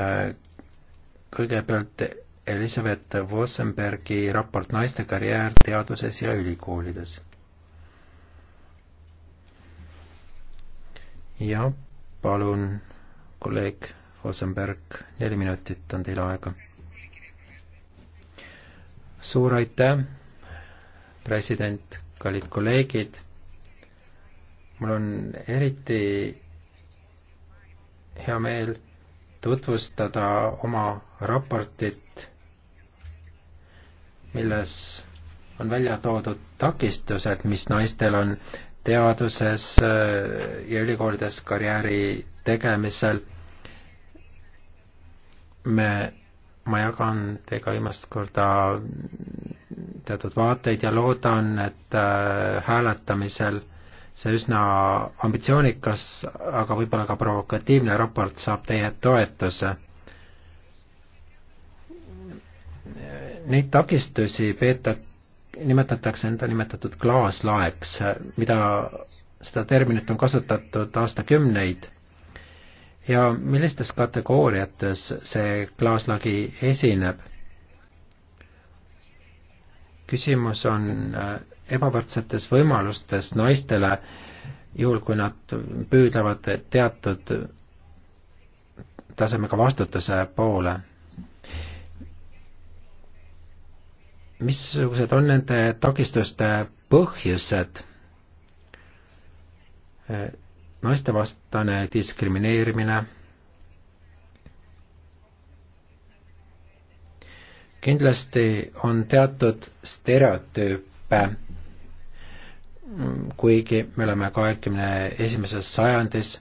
Äh, kõigepealt Elizabeth Vossenbergi raport Naiste karjäär teaduses ja ülikoolides. ja palun, kolleeg Vossenberg, neli minutit on teil aega. suur aitäh, president, kallid kolleegid. mul on eriti hea meel tutvustada oma raportit, milles on välja toodud takistused, mis naistel on teaduses äh, ja ülikoolides karjääri tegemisel. me, ma jagan teiega viimast korda teatud vaateid ja loodan, et äh, hääletamisel äh, see üsna ambitsioonikas, aga võib-olla ka provokatiivne raport saab teie toetuse. Neid takistusi peeta-, nimetatakse nõndanimetatud klaaslaeks, mida, seda terminit on kasutatud aastakümneid ja millistes kategooriates see klaaslagi esineb? küsimus on äh, ebavõrdsetes võimalustes naistele, juhul kui nad püüdlevad teatud tasemega vastutuse poole. missugused on nende takistuste põhjused? naistevastane diskrimineerimine, kindlasti on teatud stereotüüpe kuigi me oleme kahekümne esimeses sajandis,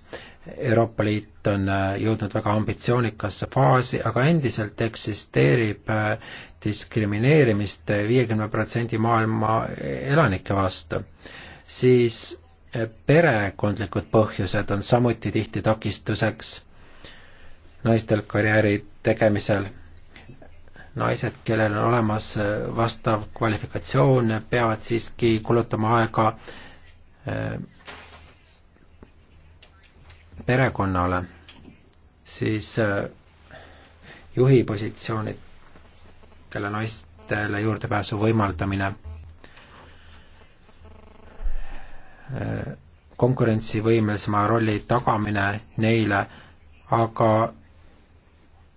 Euroopa Liit on äh, jõudnud väga ambitsioonikasse faasi, aga endiselt eksisteerib äh, diskrimineerimist viiekümne protsendi maailma äh, elanike vastu, siis perekondlikud põhjused on samuti tihti takistuseks naistel karjääri tegemisel naised, kellel on olemas äh, vastav kvalifikatsioon, peavad siiski kulutama aega äh, perekonnale, siis äh, juhi positsioonidele naistele juurdepääsu võimaldamine, konkurentsivõimelisema rolli tagamine neile, aga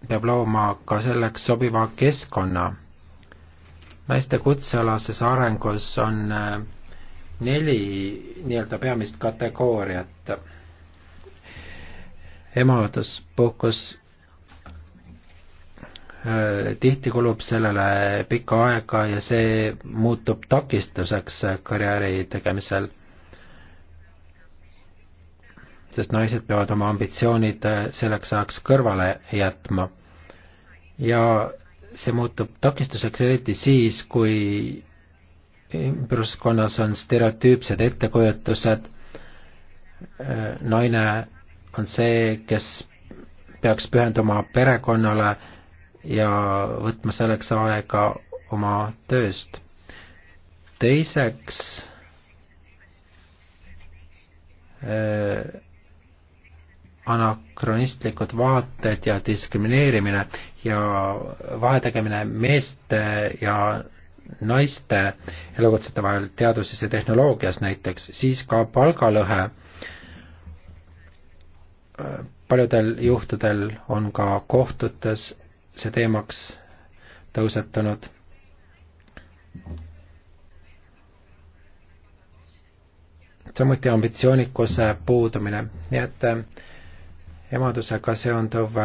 peab looma ka selleks sobiva keskkonna. naiste kutsealases arengus on äh, neli nii-öelda peamist kategooriat. emaduspuhkus, äh, tihti kulub sellele pikka aega ja see muutub takistuseks karjääri tegemisel sest naised peavad oma ambitsioonid äh, selleks ajaks kõrvale jätma. ja see muutub takistuseks eriti siis, kui ümbruskonnas on stereotüüpsed ettekujutused, äh, naine on see, kes peaks pühenduma perekonnale ja võtma selleks aega oma tööst. teiseks äh, anakronistlikud vaated ja diskrimineerimine ja vahetegemine meeste ja naiste elukutsete vahel teaduses ja tehnoloogias näiteks, siis ka palgalõhe. paljudel juhtudel on ka kohtutes see teemaks tõusetunud. samuti ambitsioonikuse puudumine, nii et äh, emadusega seonduv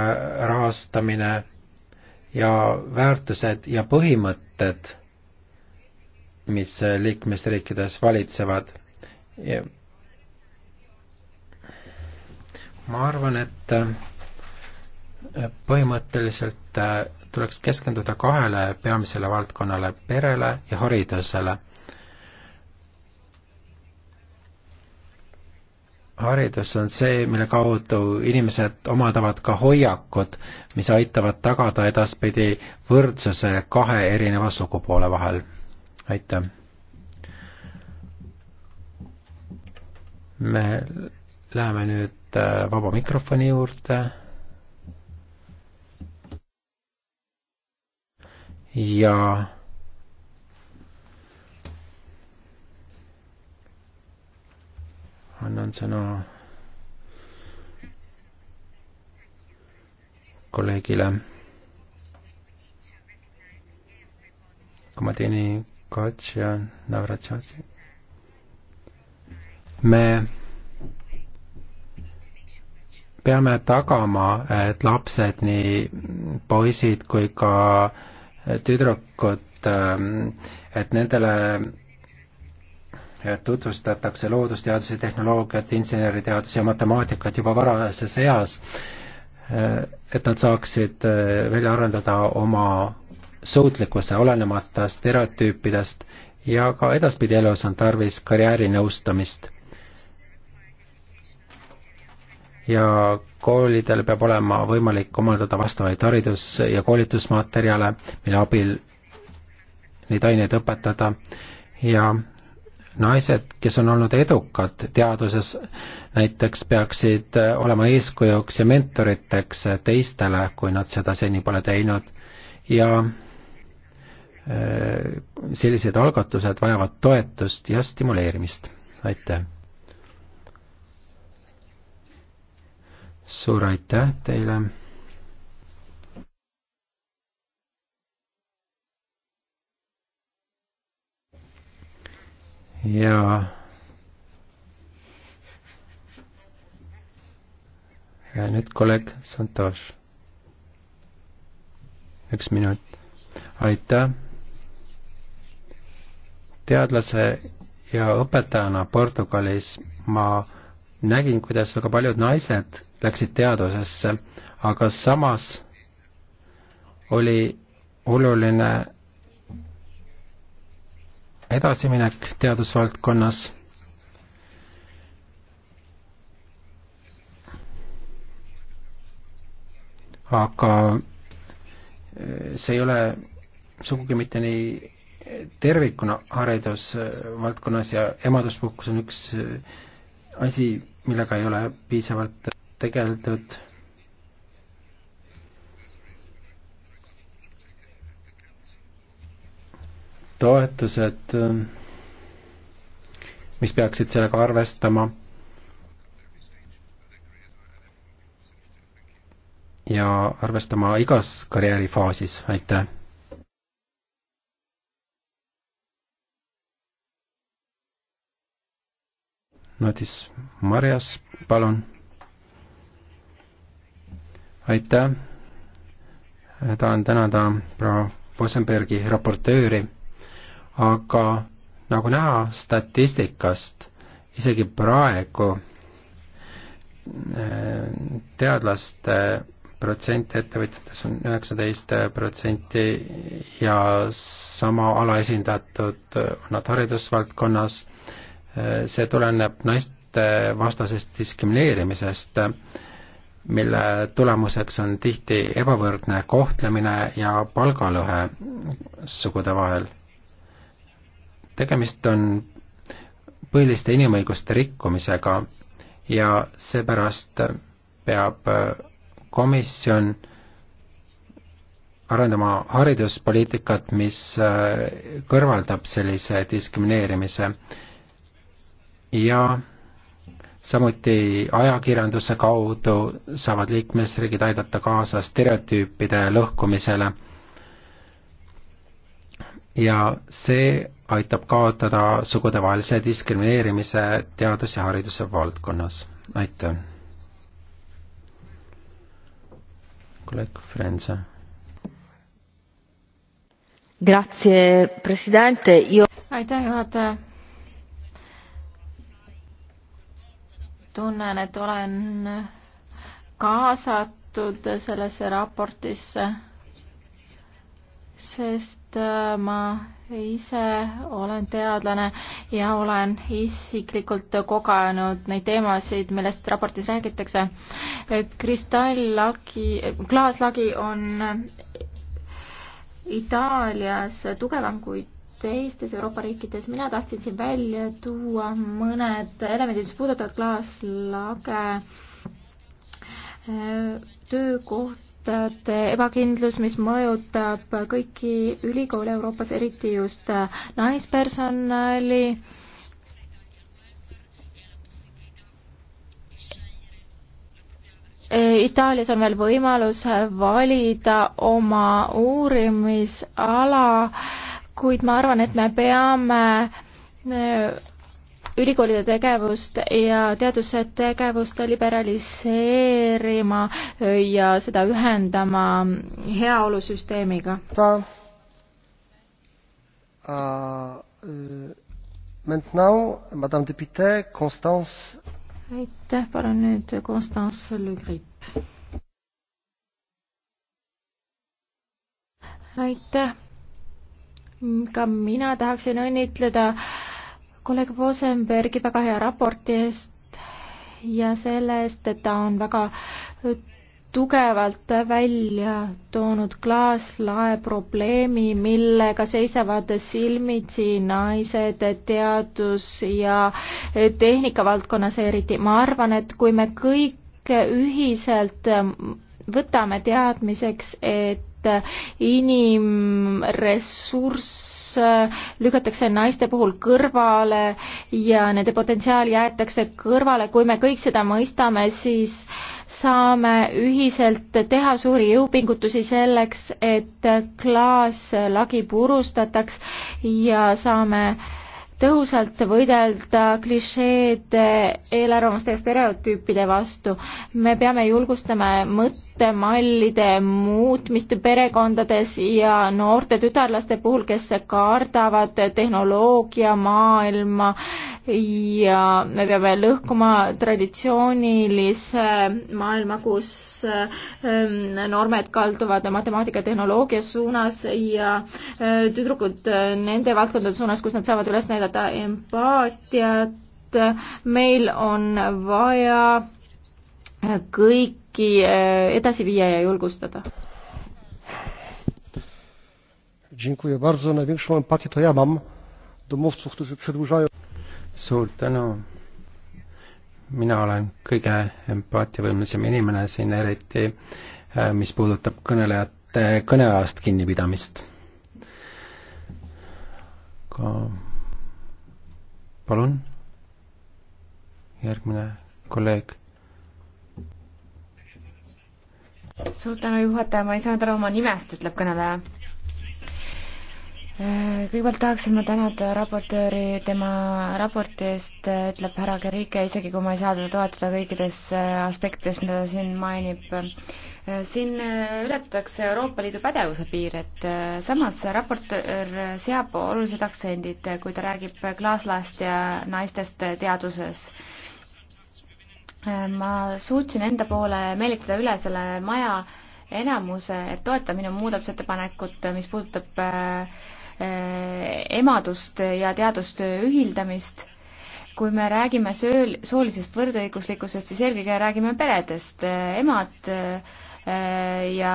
rahastamine ja väärtused ja põhimõtted, mis liikmesriikides valitsevad. ma arvan, et äh, põhimõtteliselt äh, tuleks keskenduda kahele peamisele valdkonnale, perele ja haridusele haridus on see, mille kaudu inimesed omandavad ka hoiakud, mis aitavad tagada edaspidi võrdsuse kahe erineva sugupoole vahel. aitäh! me läheme nüüd äh, vaba mikrofoni juurde. ja annan sõna kolleegile Komadini Katja Navratšatsi. me peame tagama, et lapsed, nii poisid kui ka tüdrukud, ähm, et nendele tutvustatakse loodusteadusi, tehnoloogiat, inseneriteadusi ja matemaatikat juba varajases eas, et nad saaksid äh, välja arendada oma suutlikkuse, olenemata stereotüüpidest ja ka edaspidi elus on tarvis karjäärinõustamist. ja koolidel peab olema võimalik omandada vastavaid haridus- ja koolitusmaterjale, mille abil neid aineid õpetada ja naised, kes on olnud edukad teaduses, näiteks peaksid äh, olema eeskujuks ja mentoriteks äh, teistele, kui nad seda seni pole teinud ja äh, sellised algatused vajavad toetust ja stimuleerimist. aitäh! suur aitäh teile! ja ja nüüd kolleeg Santoš. üks minut. aitäh. teadlase ja õpetajana Portugalis ma nägin, kuidas väga paljud naised läksid teadusesse, aga samas oli oluline edasiminek teadusvaldkonnas. aga eh, see ei ole sugugi mitte nii tervikuna haridusvaldkonnas ja emaduspuhkus on üks eh, asi, millega ei ole piisavalt tegeldud toetused, mis peaksid sellega arvestama. ja arvestama igas karjäärifaasis, aitäh. Nadis Marjas, palun. aitäh. tahan tänada proua Vosenbergi raportööri aga nagu näha statistikast, isegi praegu äh, teadlaste protsent ettevõtjates on üheksateist protsenti ja sama alaesindatud on nad haridusvaldkonnas, äh, see tuleneb naistevastasest diskrimineerimisest, mille tulemuseks on tihti ebavõrdne kohtlemine ja palgalõhe sugude vahel tegemist on põhiliste inimõiguste rikkumisega ja seepärast peab äh, komisjon arendama hariduspoliitikat, mis äh, kõrvaldab sellise diskrimineerimise ja samuti ajakirjanduse kaudu saavad liikmesriigid aidata kaasa stereotüüpide lõhkumisele ja see aitab kaotada sugudevahelise diskrimineerimise teadus- ja hariduse valdkonnas. aitäh! kolleeg Frenza. Grazie, president, Io... aitäh, juhataja! tunnen, et olen kaasatud sellesse raportisse sest äh, ma ise olen teadlane ja olen isiklikult kogenud neid teemasid, millest raportis räägitakse. kristalllagi, klaaslagi on Itaalias tugevam kui teistes Euroopa riikides. mina tahtsin siin välja tuua mõned elemendid, mis puudutavad klaaslage äh, töökohti töötajate ebakindlus, mis mõjutab kõiki ülikoole Euroopas, eriti just naispersonali. Itaalias on veel võimalus valida oma uurimisala, kuid ma arvan, et me peame ülikoolide tegevust ja teadustegevust liberaliseerima ja seda ühendama heaolusüsteemiga. E, aitäh, palun nüüd Constance Le Grip. aitäh ka mina tahaksin õnnitleda äh, kolleeg Vosenbergi väga hea raporti eest ja selle eest, et ta on väga äh, tugevalt välja toonud klaaslae probleemi, millega seisavad silmitsi naised teadus- ja äh, tehnikavaldkonnas eriti. ma arvan, et kui me kõik ühiselt äh, võtame teadmiseks, et inimressurss lükatakse naiste puhul kõrvale ja nende potentsiaal jäetakse kõrvale, kui me kõik seda mõistame, siis saame ühiselt teha suuri jõupingutusi selleks, et klaaslagi purustataks ja saame äh, tõhusalt võidelda klišeede, eelarvamuste ja stereotüüpide vastu. me peame julgustama mõttemallide muutmist perekondades ja noorte tütarlaste puhul, kes kardavad tehnoloogiamaailma ja me peame lõhkuma traditsioonilise maailma, kus ähm, normed kalduvad matemaatika, tehnoloogia suunas ja äh, tüdrukud äh, nende valdkondade suunas, kus nad saavad üles näidata empaatiat. meil on vaja kõiki äh, edasi viia ja julgustada. Dziękuję bardzo. Największą empatię to ja mam do mówców, którzy przedłużają suur tänu. mina olen kõige empaatiavõimelisem inimene siin, eriti äh, mis puudutab kõnelejate kõneajast kinnipidamist. aga palun, järgmine kolleeg suur tänu, juhataja, ma ei saanud aru oma nimest, ütleb kõneleja kõigepealt tahaksin ma tänada raportööri tema raporti eest, ütleb härra Kerike, isegi kui ma ei saa teda toetada kõikides äh, aspektides, mida ta siin mainib. siin äh, ületatakse Euroopa Liidu pädevuse piir, et äh, samas raportöör seab olulised aktsendid, kui ta räägib klaaslast ja naistest teaduses ma suutsin enda poole meelitada üle selle maja enamuse, et toeta minu muudatusettepanekut, mis puudutab äh, Äh, emadust ja teadustöö ühildamist. kui me räägime sööl, soolisest võrdõiguslikkusest, siis eelkõige räägime peredest, äh, emad äh, ja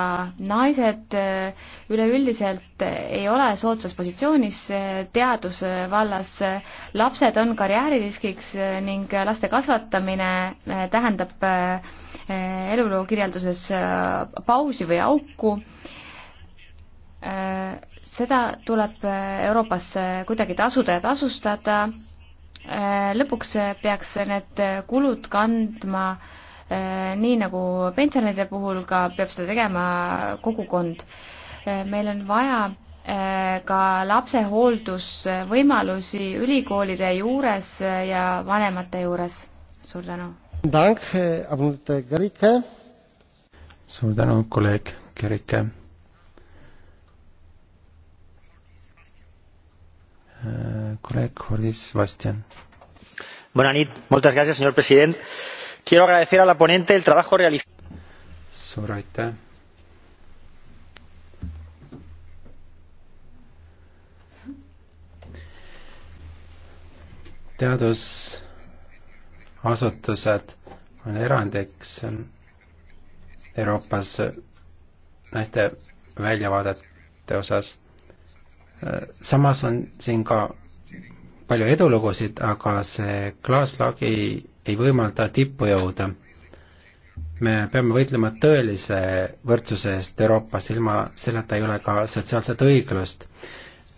naised üleüldiselt ei ole soodsas positsioonis teaduse vallas. lapsed on karjääririskiks ning laste kasvatamine tähendab eluloo kirjelduses pausi või auku seda tuleb äh, Euroopas äh, kuidagi tasuda ja tasustada. Äh, lõpuks peaks need kulud kandma nii nagu pensionide puhul ka peab seda tegema kogukond. meil on vaja ka lapsehooldusvõimalusi ülikoolide juures ja vanemate juures. suur tänu. suur tänu, kolleeg Kerike. kolleeg Hordis Vastjan. señor presidente. Quiero agradecer a la ponente el trabajo realizado. suur aitäh. teadusasutused on erandiks Euroopas naiste väljavaadete osas samas on siin ka palju edulugusid, aga see klaaslaag ei, ei võimalda tippu jõuda. me peame võitlema tõelise võrdsuse eest Euroopas, ilma selleta ei ole ka sotsiaalset õiglust.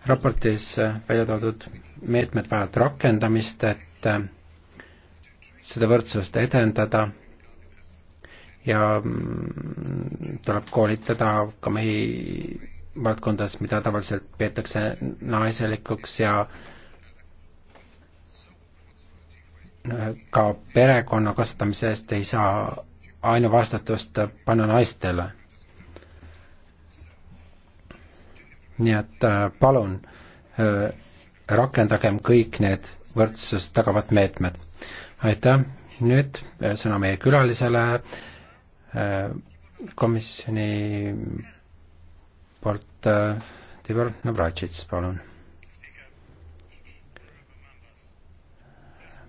raportis välja toodud meetmed vajavad rakendamist, et seda võrdsust edendada ja mm, tuleb koolitada ka mehi valdkondades, mida tavaliselt peetakse naiselikuks ja äh, ka perekonna kasvatamise eest ei saa ainuvastutust panna naistele. nii et äh, palun äh, rakendagem kõik need võrdsust tagavad meetmed. aitäh, nüüd sõna meie külalisele, komisjoni poolt eh, Tibor Navratšits, palun.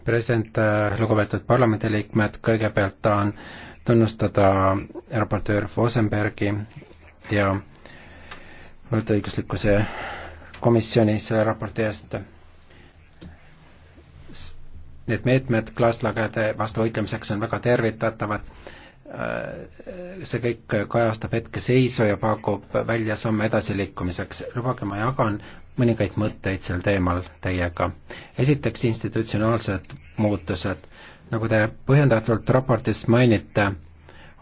president, eh, lugupeetud parlamendiliikmed, kõigepealt tahan tunnustada raportöör Fosenbergi ja võrdõiguslikkuse komisjoni selle raporti eest. Need meetmed klaaslagede vastu võitlemiseks on väga tervitatavad Äh, see kõik kajastab hetkeseisu ja pakub välja samme edasiliikumiseks. lubage, ma jagan mõningaid mõtteid sel teemal teiega. esiteks institutsionaalsed muutused. nagu te põhjendatult raportis mainite,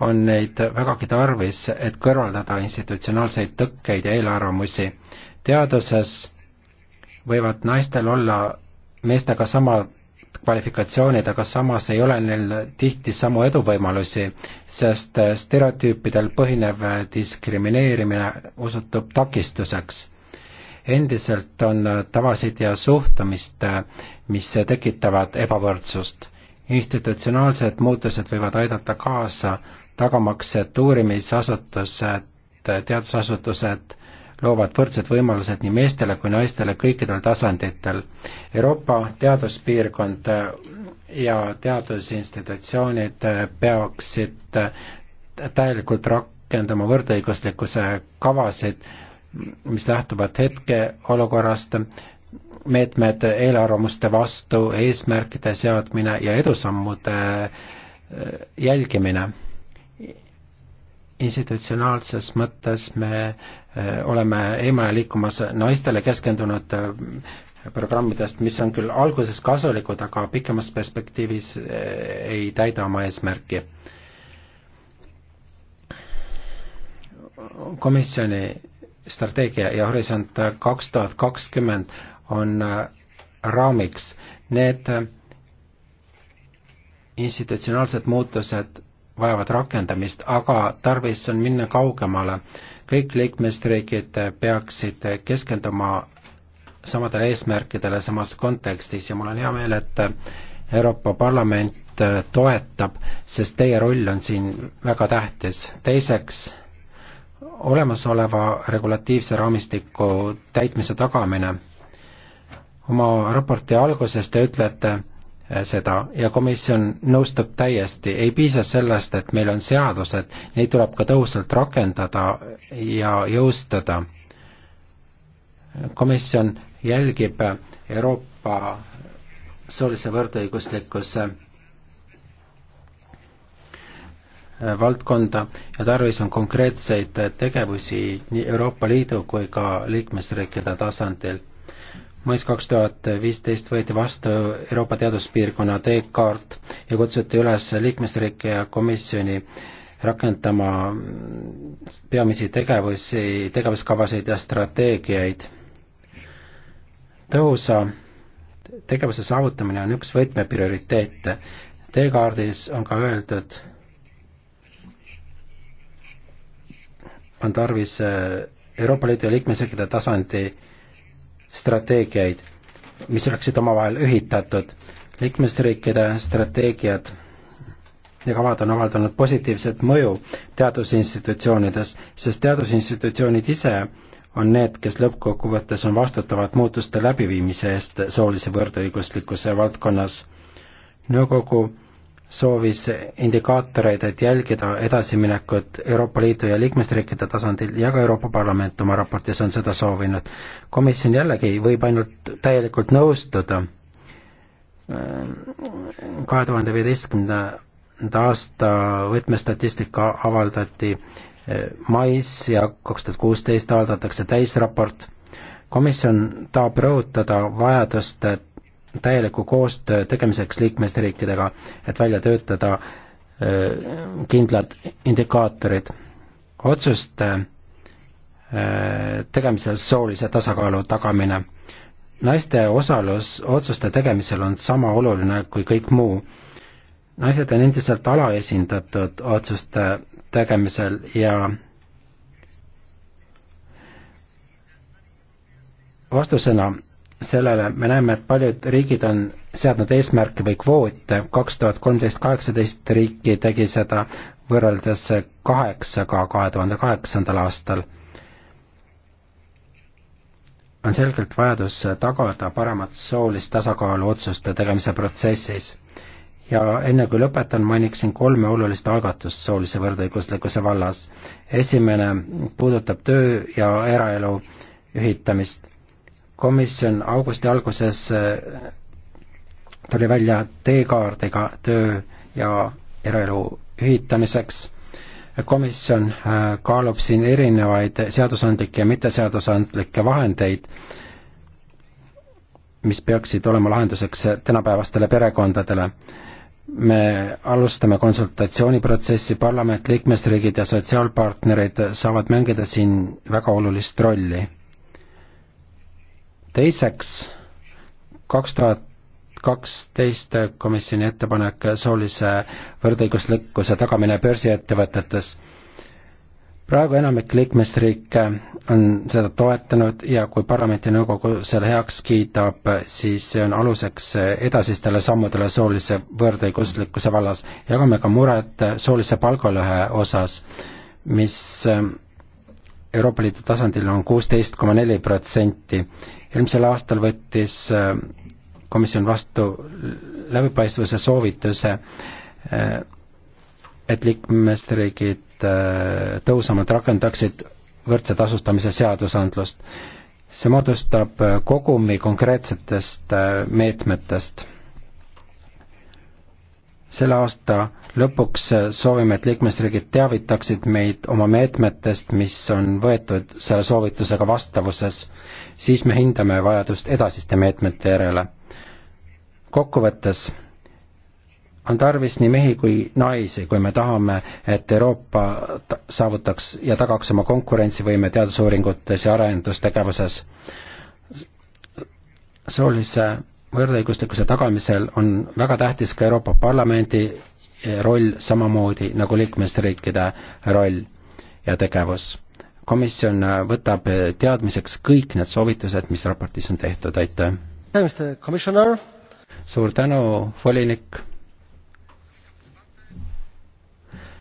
on neid vägagi tarvis, et kõrvaldada institutsionaalseid tõkkeid ja eelarvamusi. teaduses võivad naistel olla meestega samad kvalifikatsioonid, aga samas ei ole neil tihti samu eduvõimalusi, sest stereotüüpidel põhinev diskrimineerimine osutub takistuseks. endiselt on tavasid ja suhtumist, mis tekitavad ebavõrdsust. institutsionaalsed muutused võivad aidata kaasa tagamaks, et uurimisasutused, teadusasutused loovad võrdsed võimalused nii meestele kui naistele kõikidel tasanditel. Euroopa teaduspiirkond ja teadusinstitutsioonid peaksid täielikult rakendama võrdõiguslikkuse kavasid, mis lähtuvad hetkeolukorrast, meetmed eelarvamuste vastu, eesmärkide seadmine ja edusammude jälgimine institutsionaalses mõttes me eh, oleme eemale liikumas naistele keskendunud eh, programmidest, mis on küll alguses kasulikud, aga pikemas perspektiivis eh, ei täida oma eesmärki. komisjoni strateegia ja Horisont kaks tuhat kakskümmend on raamiks. Need institutsionaalsed muutused vajavad rakendamist, aga tarvis on minna kaugemale. kõik liikmesriigid peaksid keskenduma samadele eesmärkidele samas kontekstis ja mul on hea meel, et Euroopa Parlament toetab, sest teie roll on siin väga tähtis. teiseks, olemasoleva regulatiivse raamistiku täitmise tagamine. oma raporti alguses te ütlete, Äh, seda ja komisjon nõustub täiesti, ei piisa sellest, et meil on seadused, neid tuleb ka tõhusalt rakendada ja jõustada. komisjon jälgib Euroopa soolise võrdõiguslikkuse äh, valdkonda ja tarvis on konkreetseid tegevusi nii Euroopa Liidu kui ka liikmesriikide tasandil mais kaks tuhat viisteist võeti vastu Euroopa teaduspiirkonna teekaart ja kutsuti üles liikmesriike ja komisjoni rakendama peamisi tegevusi, tegevuskavasid ja strateegiaid. tõhusa tegevuse saavutamine on üks võtmeprioriteete. teekaardis on ka öeldud, on tarvis äh, Euroopa Liidu liikmesriikide tasandi strateegiaid, mis oleksid omavahel ühitatud. liikmesriikide strateegiad ja kavad on avaldanud positiivset mõju teadusinstitutsioonides, sest teadusinstitutsioonid ise on need, kes lõppkokkuvõttes on vastutavad muutuste läbiviimise eest soolise võrdõiguslikkuse valdkonnas. nõukogu soovis indikaatoreid, et jälgida edasiminekut Euroopa Liidu ja liikmesriikide tasandil ja ka Euroopa Parlament oma raportis on seda soovinud. komisjon jällegi võib ainult täielikult nõustuda kahe tuhande viieteistkümnenda aasta võtmestatistika avaldati mais ja kaks tuhat kuusteist avaldatakse täisraport. komisjon tahab rõhutada vajadust, et täieliku koostöö tegemiseks liikmesriikidega, et välja töötada äh, kindlad indikaatorid. otsuste äh, tegemisel soolise tasakaalu tagamine. naiste osalus otsuste tegemisel on sama oluline kui kõik muu. naised on endiselt alaesindatud otsuste tegemisel ja vastusena sellele me näeme, et paljud riigid on seadnud eesmärke või kvoote, kaks tuhat kolmteist, kaheksateist riiki tegi seda võrreldes kaheksaga kahe tuhande kaheksandal aastal. on selgelt vajadus tagada paremat soolist tasakaalu otsuste tegemise protsessis. ja enne kui lõpetan, mainiksin kolme olulist algatust soolise võrdõiguslikkuse vallas. esimene puudutab töö ja eraelu ühitamist komisjon augusti alguses äh, tuli välja teekaardiga töö ja eraelu ühitamiseks. komisjon äh, kaalub siin erinevaid seadusandlikke ja mitteseadusandlikke vahendeid, mis peaksid olema lahenduseks tänapäevastele perekondadele. me alustame konsultatsiooniprotsessi, parlament, liikmesriigid ja sotsiaalpartnerid saavad mängida siin väga olulist rolli teiseks, kaks tuhat kaksteist komisjoni ettepanek soolise võrdõiguslikkuse tagamine börsiettevõtetes. praegu enamik liikmesriike on seda toetanud ja kui parlamenti nõukogu selle heaks kiidab, siis see on aluseks edasistele sammudele soolise võrdõiguslikkuse vallas. jagame ka muret soolise palgalõhe osas, mis Euroopa Liidu tasandil on kuusteist koma neli protsenti. eelmisel aastal võttis äh, komisjon vastu läbipaistvuse soovituse, äh, et liikmesriigid äh, tõhusamalt rakendaksid võrdse tasustamise seadusandlust. see moodustab kogumi konkreetsetest meetmetest selle aasta lõpuks soovime, et liikmesriigid teavitaksid meid oma meetmetest, mis on võetud selle soovitusega vastavuses. siis me hindame vajadust edasiste meetmete järele. kokkuvõttes on tarvis nii mehi kui naisi, kui me tahame, et Euroopa saavutaks ja tagaks oma konkurentsivõime teadusuuringutes ja arendustegevuses. soolise võrdõiguslikkuse tagamisel on väga tähtis ka Euroopa Parlamendi eh, roll samamoodi nagu liikmesriikide roll ja tegevus. komisjon eh, võtab eh, teadmiseks kõik need soovitused, mis raportis on tehtud, aitäh! suur tänu, volinik!